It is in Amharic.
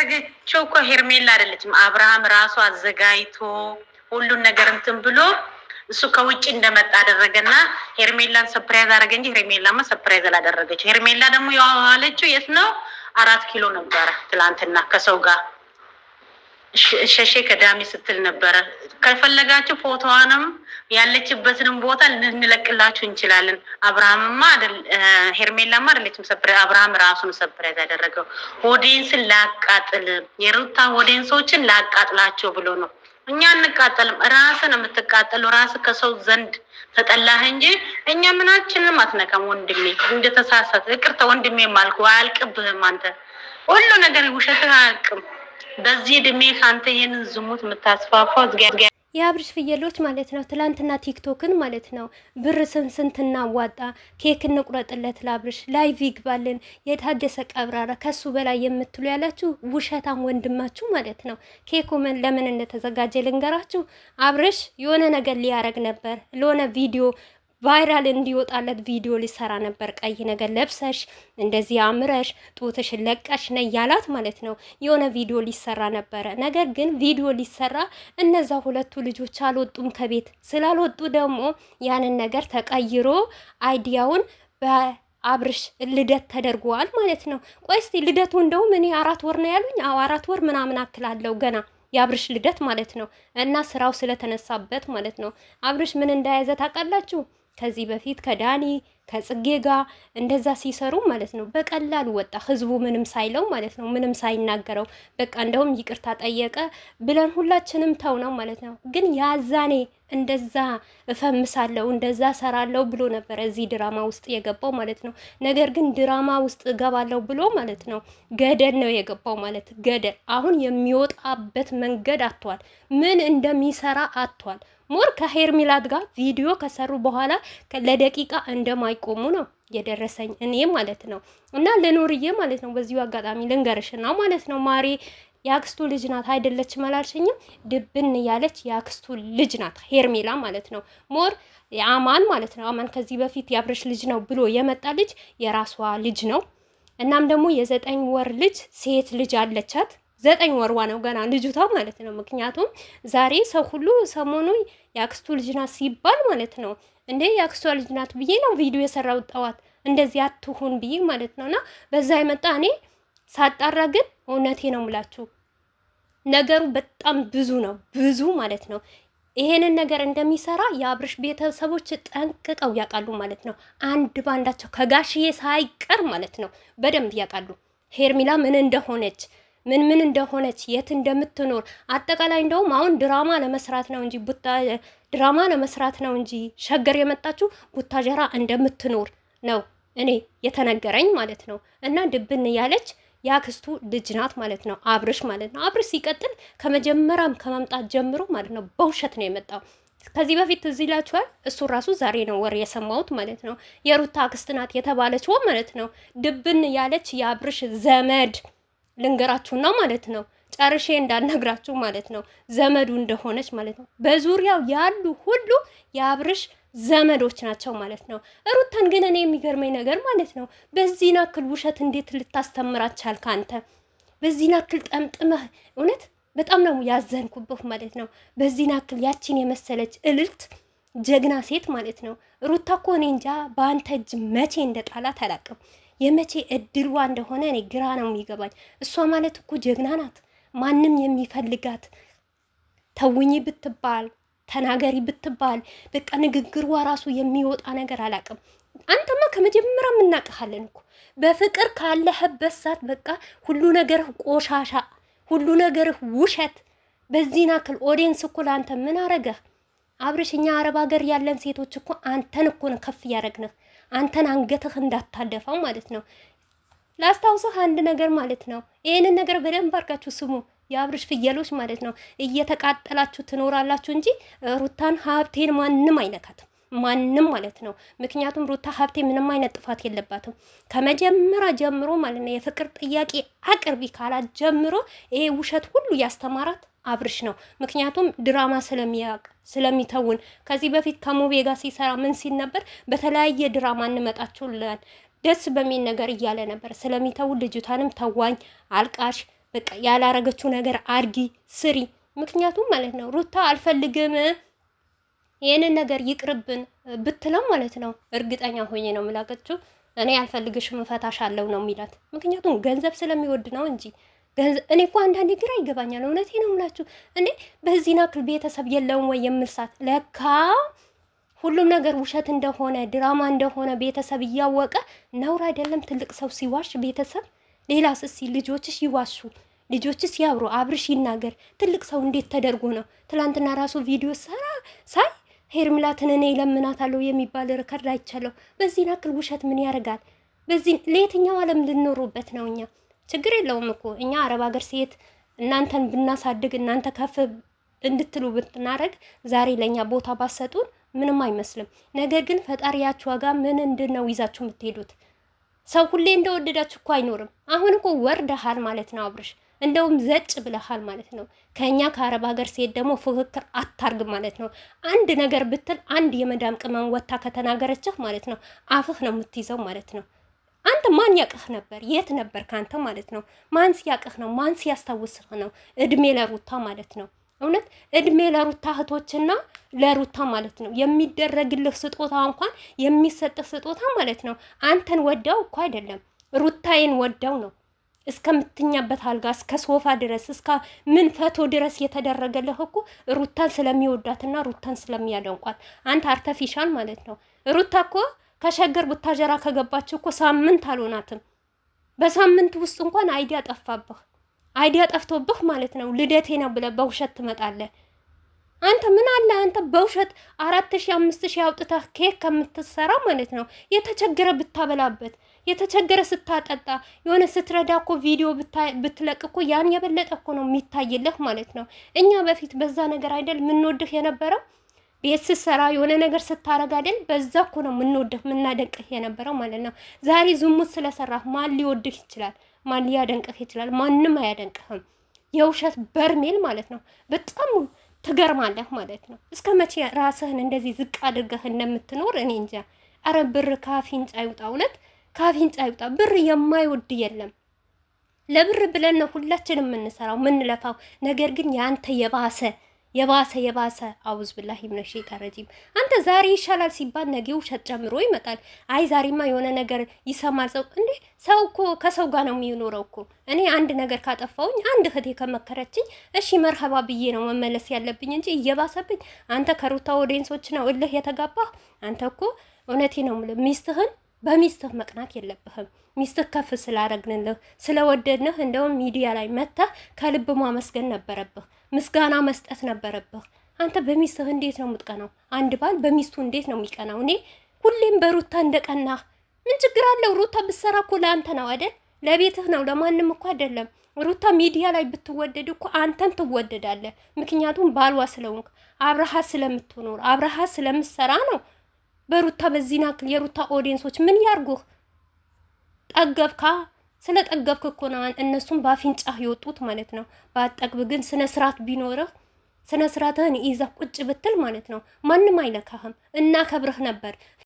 ያዘጋጀችው እኮ ሄርሜላ አይደለችም። አብርሃም ራሱ አዘጋጅቶ ሁሉን ነገር እንትን ብሎ እሱ ከውጭ እንደመጣ አደረገና ሄርሜላን ሰፕራይዝ አደረገ እንጂ ሄርሜላማ ሰፕራይዝ አላደረገችው። ሄርሜላ ደግሞ የዋለችው የት ነው? አራት ኪሎ ነበረ ትላንትና ከሰው ጋር ሸሼ ከዳሜ ስትል ነበረ። ከፈለጋችሁ ፎቶዋንም ያለችበትንም ቦታ ልንለቅላችሁ እንችላለን። አብርሃምማ ሄርሜላማ አደለችም ሰፕሬ አብርሃም ራሱን ሰፕሬዝ ያደረገው ኦዲየንስን ላቃጥል የሩታ ኦዲየንሶችን ላቃጥላቸው ብሎ ነው። እኛ አንቃጠልም። ራስን የምትቃጠሉ ራስ ከሰው ዘንድ ተጠላህ እንጂ እኛ ምናችንም አትነካም። ወንድሜ እንደተሳሳት እቅርተ ወንድሜ ማልኩ አያልቅብህም። አንተ ሁሉ ነገር ውሸትህ አያልቅም። በዚህ እድሜ ከአንተ ይህንን ዝሙት የምታስፋፋ የአብርሽ ፍየሎች ማለት ነው። ትላንትና ቲክቶክን ማለት ነው ብር ስንስንት እናዋጣ፣ ኬክ እንቁረጥለት፣ ለአብርሽ ላይቭ ይግባልን፣ የታደሰ ቀብራራ ከሱ በላይ የምትሉ ያላችሁ ውሸታም ወንድማችሁ ማለት ነው። ኬኩ ለምን እንደተዘጋጀ ልንገራችሁ። አብርሽ የሆነ ነገር ሊያረግ ነበር ለሆነ ቪዲዮ ቫይራል እንዲወጣለት ቪዲዮ ሊሰራ ነበር። ቀይ ነገር ለብሰሽ እንደዚህ አምረሽ ጡትሽን ለቀሽ ነ ያላት ማለት ነው። የሆነ ቪዲዮ ሊሰራ ነበረ። ነገር ግን ቪዲዮ ሊሰራ እነዛ ሁለቱ ልጆች አልወጡም ከቤት ስላልወጡ ደግሞ ያንን ነገር ተቀይሮ አይዲያውን አብርሽ ልደት ተደርጓል ማለት ነው። ቆይ ልደቱ እንደውም እኔ አራት ወር ነው ያሉኝ። አዎ አራት ወር ምናምን አክል አለው ገና የአብርሽ ልደት ማለት ነው። እና ስራው ስለተነሳበት ማለት ነው። አብርሽ ምን እንደያዘ ታውቃላችሁ? ከዚህ በፊት ከዳኒ ከጽጌ ጋር እንደዛ ሲሰሩ ማለት ነው። በቀላሉ ወጣ ህዝቡ ምንም ሳይለው ማለት ነው፣ ምንም ሳይናገረው በቃ እንደውም ይቅርታ ጠየቀ ብለን ሁላችንም ተው ነው ማለት ነው። ግን ያዛኔ እንደዛ እፈምሳለሁ እንደዛ ሰራለሁ ብሎ ነበረ እዚህ ድራማ ውስጥ የገባው ማለት ነው። ነገር ግን ድራማ ውስጥ እገባለሁ ብሎ ማለት ነው ገደል ነው የገባው ማለት ገደል። አሁን የሚወጣበት መንገድ አጥቷል። ምን እንደሚሰራ አጥቷል። ሞር ከሄርሜላት ጋር ቪዲዮ ከሰሩ በኋላ ለደቂቃ እንደማይቆሙ ነው የደረሰኝ እኔ ማለት ነው። እና ለኖርዬ ማለት ነው በዚሁ አጋጣሚ ልንገርሽና ማለት ነው ማሬ የአክስቱ ልጅ ናት አይደለችም አላልሽኝም? ድብን ያለች የአክስቱ ልጅ ናት ሄርሜላ ማለት ነው። ሞር የአማን ማለት ነው አማን ከዚህ በፊት የአብረሽ ልጅ ነው ብሎ የመጣ ልጅ የራሷ ልጅ ነው። እናም ደግሞ የዘጠኝ ወር ልጅ ሴት ልጅ አለቻት። ዘጠኝ ወርዋ ነው ገና ልጅቷ ማለት ነው። ምክንያቱም ዛሬ ሰው ሁሉ ሰሞኑ የአክስቱ ልጅ ናት ሲባል ማለት ነው እንዴ የአክስቷ ልጅ ናት ብዬ ነው ቪዲዮ የሰራው ጠዋት እንደዚህ አትሁን ብዬ ማለት ነው። እና በዛ የመጣ እኔ ሳጣራ ግን እውነቴ ነው ምላችሁ ነገሩ በጣም ብዙ ነው ብዙ ማለት ነው። ይሄንን ነገር እንደሚሰራ የአብርሽ ቤተሰቦች ጠንቅቀው ያውቃሉ ማለት ነው። አንድ ባንዳቸው ከጋሽዬ ሳይቀር ማለት ነው በደንብ ያውቃሉ ሄርሚላ ምን እንደሆነች ምን ምን እንደሆነች የት እንደምትኖር አጠቃላይ እንደውም አሁን ድራማ ለመስራት ነው እንጂ ቡታ ድራማ ለመስራት ነው እንጂ ሸገር የመጣችው ቡታጀራ እንደምትኖር ነው እኔ የተነገረኝ ማለት ነው። እና ድብን ያለች የአክስቱ ልጅ ናት ማለት ነው፣ አብርሽ ማለት ነው። አብርሽ ሲቀጥል ከመጀመሪያም ከመምጣት ጀምሮ ማለት ነው በውሸት ነው የመጣው። ከዚህ በፊት እዚህ ይላችኋል። እሱ ራሱ ዛሬ ነው ወር የሰማሁት ማለት ነው። የሩታ አክስት ናት የተባለችው ማለት ነው ድብን ያለች የአብርሽ ዘመድ ልንገራችሁና ማለት ነው ጨርሼ እንዳልነግራችሁ ማለት ነው ዘመዱ እንደሆነች ማለት ነው። በዙሪያው ያሉ ሁሉ የአብርሽ ዘመዶች ናቸው ማለት ነው። ሩታን ግን እኔ የሚገርመኝ ነገር ማለት ነው በዚህ ናክል ውሸት እንዴት ልታስተምራት ቻልክ አንተ? በዚህ ናክል ጠምጥመህ እውነት በጣም ነው ያዘንኩብህ ማለት ነው። በዚህ ናክል ያቺን የመሰለች እልልት ጀግና ሴት ማለት ነው ሩታ እኮ እኔ እንጃ በአንተ እጅ መቼ እንደጣላት አላቅም። የመቼ እድልዋ እንደሆነ እኔ ግራ ነው የሚገባኝ። እሷ ማለት እኮ ጀግና ናት። ማንም የሚፈልጋት ተውኝ ብትባል ተናገሪ ብትባል በቃ ንግግርዋ ራሱ የሚወጣ ነገር አላውቅም። አንተማ ከመጀመሪያ የምናቅሃለን እኮ በፍቅር ካለህበት ሰዓት በቃ ሁሉ ነገርህ ቆሻሻ፣ ሁሉ ነገርህ ውሸት። በዚህ ናክል ኦዲየንስ እኮ ለአንተ ምን አረገህ አብረሽኛ አረብ ሀገር ያለን ሴቶች እኮ አንተን እኮ ነው ከፍ እያደረግንህ አንተን አንገትህ እንዳታደፋው ማለት ነው። ላስታውስህ አንድ ነገር ማለት ነው። ይህንን ነገር በደንብ አድርጋችሁ ስሙ። የአብርሽ ፍየሎች ማለት ነው። እየተቃጠላችሁ ትኖራላችሁ እንጂ ሩታን ሀብቴን ማንም አይነካትም ማንም ማለት ነው። ምክንያቱም ሩታ ሀብቴ ምንም አይነት ጥፋት የለባትም። ከመጀመሪያ ጀምሮ ማለት ነው የፍቅር ጥያቄ አቅርቢ ካላት ጀምሮ ይሄ ውሸት ሁሉ ያስተማራት አብርሽ ነው። ምክንያቱም ድራማ ስለሚያውቅ ስለሚተውን ከዚህ በፊት ከሙቤ ጋር ሲሰራ ምን ሲል ነበር? በተለያየ ድራማ እንመጣችሁላል ደስ በሚል ነገር እያለ ነበር ስለሚተው ልጅቷንም ተዋኝ፣ አልቃሽ፣ በቃ ያላረገችው ነገር አርጊ፣ ስሪ። ምክንያቱም ማለት ነው ሩታ አልፈልግም ይህንን ነገር ይቅርብን ብትለው ማለት ነው እርግጠኛ ሆኜ ነው የምላገችው እኔ አልፈልግሽም አለው ነው የሚላት። ምክንያቱም ገንዘብ ስለሚወድ ነው እንጂ እኔ እኮ አንዳንዴ ግራ ይገባኛል። እውነቴ ነው ምላችሁ እንዴ በዚህ ናክል ቤተሰብ የለውም ወይ የምል ሰዓት ለካ ሁሉም ነገር ውሸት እንደሆነ ድራማ እንደሆነ ቤተሰብ እያወቀ ነውር አይደለም። ትልቅ ሰው ሲዋሽ ቤተሰብ ሌላ ስሲ ልጆችሽ ይዋሹ ልጆችስ ያብሩ አብርሽ ይናገር። ትልቅ ሰው እንዴት ተደርጎ ነው? ትላንትና ራሱ ቪዲዮ ሰራ ሳይ ሄርሚላትን እኔ ለምናታለሁ የሚባል ርከርድ አይቻለሁ። በዚህን አክል ውሸት ምን ያደርጋል? በዚህ ለየትኛው ዓለም ልንኖሩበት ነው እኛ? ችግር የለውም እኮ እኛ አረብ ሀገር ሴት እናንተን ብናሳድግ እናንተ ከፍ እንድትሉ ብናደረግ ዛሬ ለእኛ ቦታ ባሰጡን ምንም አይመስልም። ነገር ግን ፈጣሪያችሁ ዋጋ ምን ነው ይዛችሁ የምትሄዱት? ሰው ሁሌ እንደወደዳችሁ እኮ አይኖርም። አሁን እኮ ወርደሃል ማለት ነው አብርሽ፣ እንደውም ዘጭ ብለሃል ማለት ነው። ከእኛ ከአረብ ሀገር ሴት ደግሞ ፉክክር አታርግ ማለት ነው። አንድ ነገር ብትል አንድ የመዳም ቅመም ወታ ከተናገረችህ ማለት ነው አፍህ ነው የምትይዘው ማለት ነው። አንተ ማን ያቅህ ነበር? የት ነበር ከአንተ ማለት ነው። ማን ሲያቅህ ነው? ማን ሲያስታውስህ ነው? እድሜ ለሩታ ማለት ነው። እውነት እድሜ ለሩታ እህቶችና ለሩታ ማለት ነው። የሚደረግልህ ስጦታ እንኳን የሚሰጥህ ስጦታ ማለት ነው። አንተን ወደው እኮ አይደለም ሩታዬን ወደው ነው እስከምትኛበት አልጋ እስከ ሶፋ ድረስ እስከ ምን ፈቶ ድረስ የተደረገልህ እኮ ሩታን ስለሚወዳትና ሩታን ስለሚያደንቋት አንተ አርተፊሻል ማለት ነው ሩታ እኮ ከሸገር ቡታጀራ ከገባች እኮ ሳምንት አልሆናትም። በሳምንት ውስጥ እንኳን አይዲያ ጠፋብህ፣ አይዲያ ጠፍቶብህ ማለት ነው። ልደቴ ነው ብለህ በውሸት ትመጣለህ። አንተ ምን አለ አንተ በውሸት አራት ሺህ አምስት ሺህ አውጥተህ ኬክ ከምትሰራ ማለት ነው የተቸገረ ብታበላበት የተቸገረ ስታጠጣ የሆነ ስትረዳ እኮ ቪዲዮ ብትለቅ እኮ ያን የበለጠ እኮ ነው የሚታይልህ ማለት ነው። እኛ በፊት በዛ ነገር አይደል ምንወድህ የነበረው? ቤት ስትሰራ የሆነ ነገር ስታረግ አይደል? በዛ እኮ ነው የምንወድህ የምናደንቅህ የነበረው ማለት ነው። ዛሬ ዝሙት ስለሰራህ ማን ሊወድህ ይችላል? ማን ሊያደንቅህ ይችላል? ማንም አያደንቅህም። የውሸት በርሜል ማለት ነው። በጣም ትገርማለህ ማለት ነው። እስከ መቼ ራስህን እንደዚህ ዝቅ አድርገህ እንደምትኖር እኔ እንጃ። አረ ብር ካፊንጫ ይውጣ፣ እውነት ካፊንጫ ይውጣ። ብር የማይወድ የለም። ለብር ብለን ነው ሁላችንም የምንሰራው የምንለፋው። ነገር ግን ያንተ የባሰ የባሰ የባሰ አውዝ ብላህ ምነ ሸይጣን ረጂም። አንተ ዛሬ ይሻላል ሲባል ነገ ውሸት ጨምሮ ይመጣል። አይ ዛሬማ የሆነ ነገር ይሰማል ሰው እንዴ! ሰው እኮ ከሰው ጋር ነው የሚኖረው እኮ። እኔ አንድ ነገር ካጠፋውኝ አንድ እህቴ ከመከረችኝ እሺ መርሀባ ብዬ ነው መመለስ ያለብኝ እንጂ እየባሰብኝ። አንተ ከሩታ ኦዲየንሶች ነው እልህ የተጋባ። አንተ እኮ እውነቴ ነው የምልህ ሚስትህን በሚስትህ መቅናት የለብህም። ሚስትህ ከፍ ስላረግንልህ ስለወደድንህ፣ እንደውም ሚዲያ ላይ መጥተህ ከልብ ማመስገን ነበረብህ። ምስጋና መስጠት ነበረብህ። አንተ በሚስትህ እንዴት ነው የምትቀናው? አንድ ባል በሚስቱ እንዴት ነው የሚቀናው? እኔ ሁሌም በሩታ እንደቀናህ ምን ችግር አለው? ሩታ ብትሰራ እኮ ለአንተ ነው አይደል? ለቤትህ ነው፣ ለማንም እኮ አይደለም። ሩታ ሚዲያ ላይ ብትወደድ እኮ አንተም ትወደዳለህ። ምክንያቱም ባሏ ስለሆንክ አብረሃ ስለምትኖር አብረሃ ስለምትሰራ ነው። በሩታ በዚህ ናክል የሩታ ኦዲየንሶች ምን ያርጉህ? ጠገብካ ስለ ጠገብክ እኮ ነው እነሱም በአፍንጫህ የወጡት ማለት ነው። በአጠግብ ግን ስነ ስርዓት ቢኖርህ ስነ ስርዓትህን ይዘህ ቁጭ ብትል ማለት ነው ማንም አይለካህም። እና ከብረህ ነበር።